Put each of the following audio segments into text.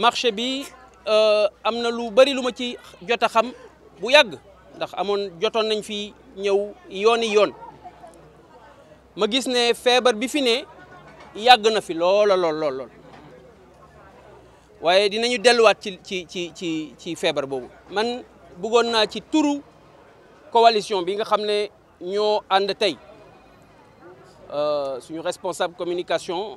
marché bi euh, amna lu bari luma ci jotta xam bu yagg ndax amone nañ fi ma gis ne bi fi na fi lol lol lol lol waye dinañu ci ci ci ci man bëggon na ci turu coalition bi nga and tay euh, suñu responsable communication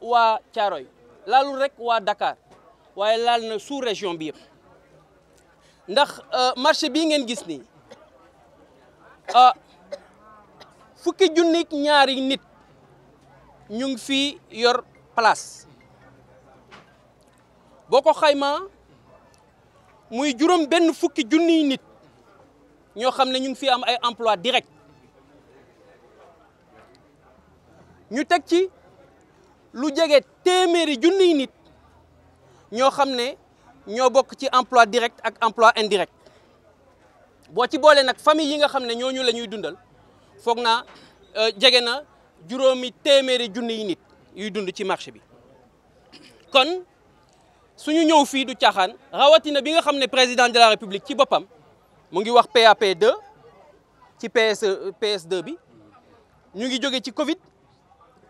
waa Thiaroye laalul rek wa Dakar Waye lal na sous région bi yëpp ndax euh, marché bi ngeen gis ni euh fukki junnik ñaari nit ñu ngi fi yor place Boko xayma muy juróom ben fukki junniy nit ño xamne ne ñu ngi am ay emploi direct ñu teg ci lu jege téeméeri junniy nit ñoo xam ne ñoo ci emploi direct ak emploi indirect boo ci boolee nag famille yi nga xam ne ñooñu la ñuy dundal foog naa euh, na juróomi téeméeri junniy nit yuy dund ci marché bi kon suñu ñew fi du rawati na bi nga xamné président de la république ci bopam mu ngi wax PAP 2 ci PS euh, PS2 bi ñu ngi jóge ci Covid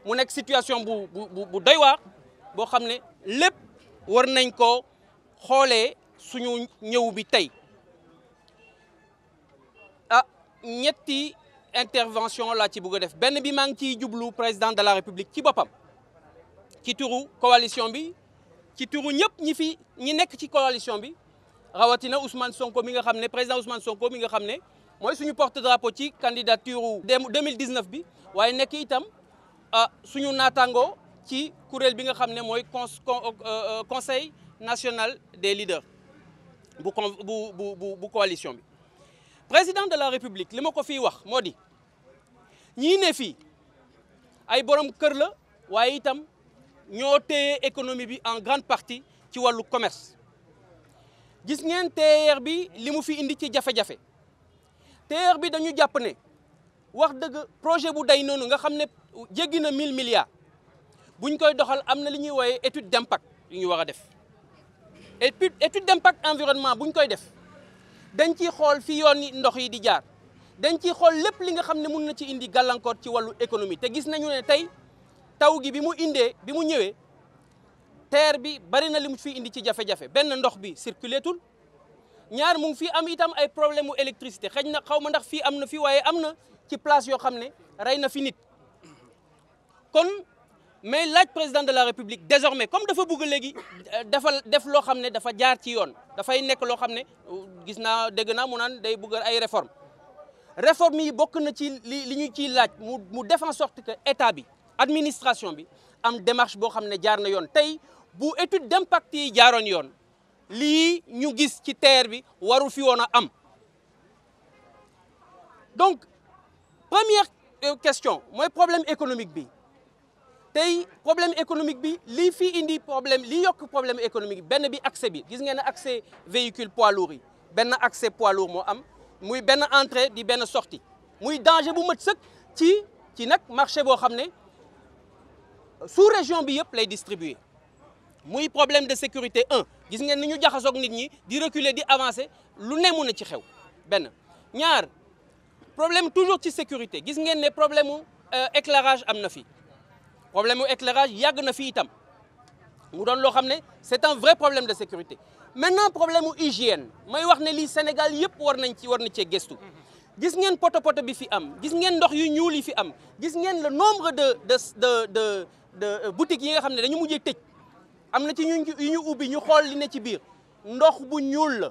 mu nekk situation bu bu bu doy waar boo xam ne war nañ ko suñu bi ah ñetti intervention la ci bëgg def ben bi maa ngi ciy jublu président de la république ci bopam ci turu coalition bi ci turu ñep ñi fi ñi nek ci coalition bi rawatina Ousmane Sonko mi nga xamné président Ousmane Sonko mi nga xamné moy suñu porte drapeau ci candidature 2019 bi waye nek itam ah, suñu natango ci kuréel bi euh, euh, conseil national des leaders bu bu coalition président de la république wax Modi. la en grande partie ci walu commerce gis ngeen bi wax dëgg projet bu day nonu nga xamne jeegina 1000 milliards buñ koy doxal amna na li ñuy wooye étude d'impact yu ñu wara def et étude d'impact environnement buñ koy def dañ ci xol fi yoni ndox yi di jaar dañ ci xol lépp li nga xamne mën na ci indi galancor ci walu économie te gis nañu ne tay taw gi bi mu indé bi mu ñëwé terre bi bari na li fi indi ci jafe-jafe ben ndox bi circulé ñaar mu ngi fii am itam ay problème électricité xëy xawma ndax fi amna fi wayé amna ci place yo xamné ne na fi nit kon mais laaj président de la république désormais comme dafa bëgg légui euh, dafa def lo xamné dafa jaar ci yoon da fay nek lo xamné gis naa dégg mu nan day bëgg ay réforme réforme yi bokk na ci li li ñu ciy laaj mu mu def en sorte que état bi administration bi am démarche bo xamné ne jaar na yoon tey bu étude d'impact yi jaaroon yoon li ñu gis ci terre bi waru fi wona a am donc première euh, question mooy problème économique bi Tay problème économique bi li fi indi problème li yok problème économique Ben bi accès bi gis ngeen accès véhicule poids lourd Ben accès poids lourd mo am muy ben entrée di ben sortie muy danger bu mat seuk ci ci nak marché bo xamné sous région bi yëpp lay distribuer muy problème de sécurité un gis ngeen ni ñu jaxasoog nit ñi di reculer di avancer lu ne mu na ci xew Ben ñaar problème toujours de sécurité problème d'éclairage euh, éclairage problème éclairage c'est un vrai problème de sécurité maintenant problème hygiène may ne Sénégal war nañ ci poto poto bi fi am fi am le nombre de de de de euh, boutiques yi nga dañu ci ñu ñu ne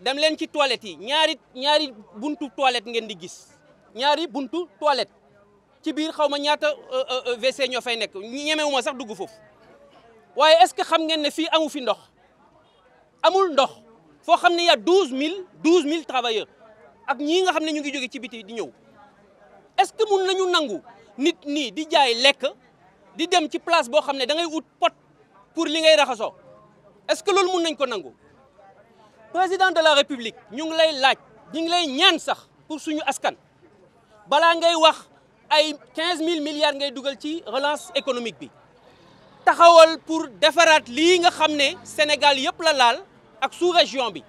dem leen ci toilette yi ñaari ñaari buntu toilette ngeen di gis ñaari buntu toilette ci biir xaw ma ñaata euh, euh, euh, WC ñoo fay nekk ñemewuma sax dugg foofu waaye est-ce que xam ngeen ne fii amu fi ndox amul ndox foo xam ne y a douze mille douze mille travailleurs ak ñi nga xam ne ñu ngi jóge ci biti di ñëw est-ce que mun nañu nangu nit nii di jaay lekk di dem ci place boo xam ne da ngay ut pot pour li ngay raxasoo est-ce que loolu mun nañ ko nangu président de la république ñu ngi lay laaj ñu ngi lay ñaan sax pour suñu askan bala ngay wax ay 000 milliards ngay duggal ci relance économique bi taxawal pour defaraat li nga xamné Sénégal yépp la laal ak sous-région bi.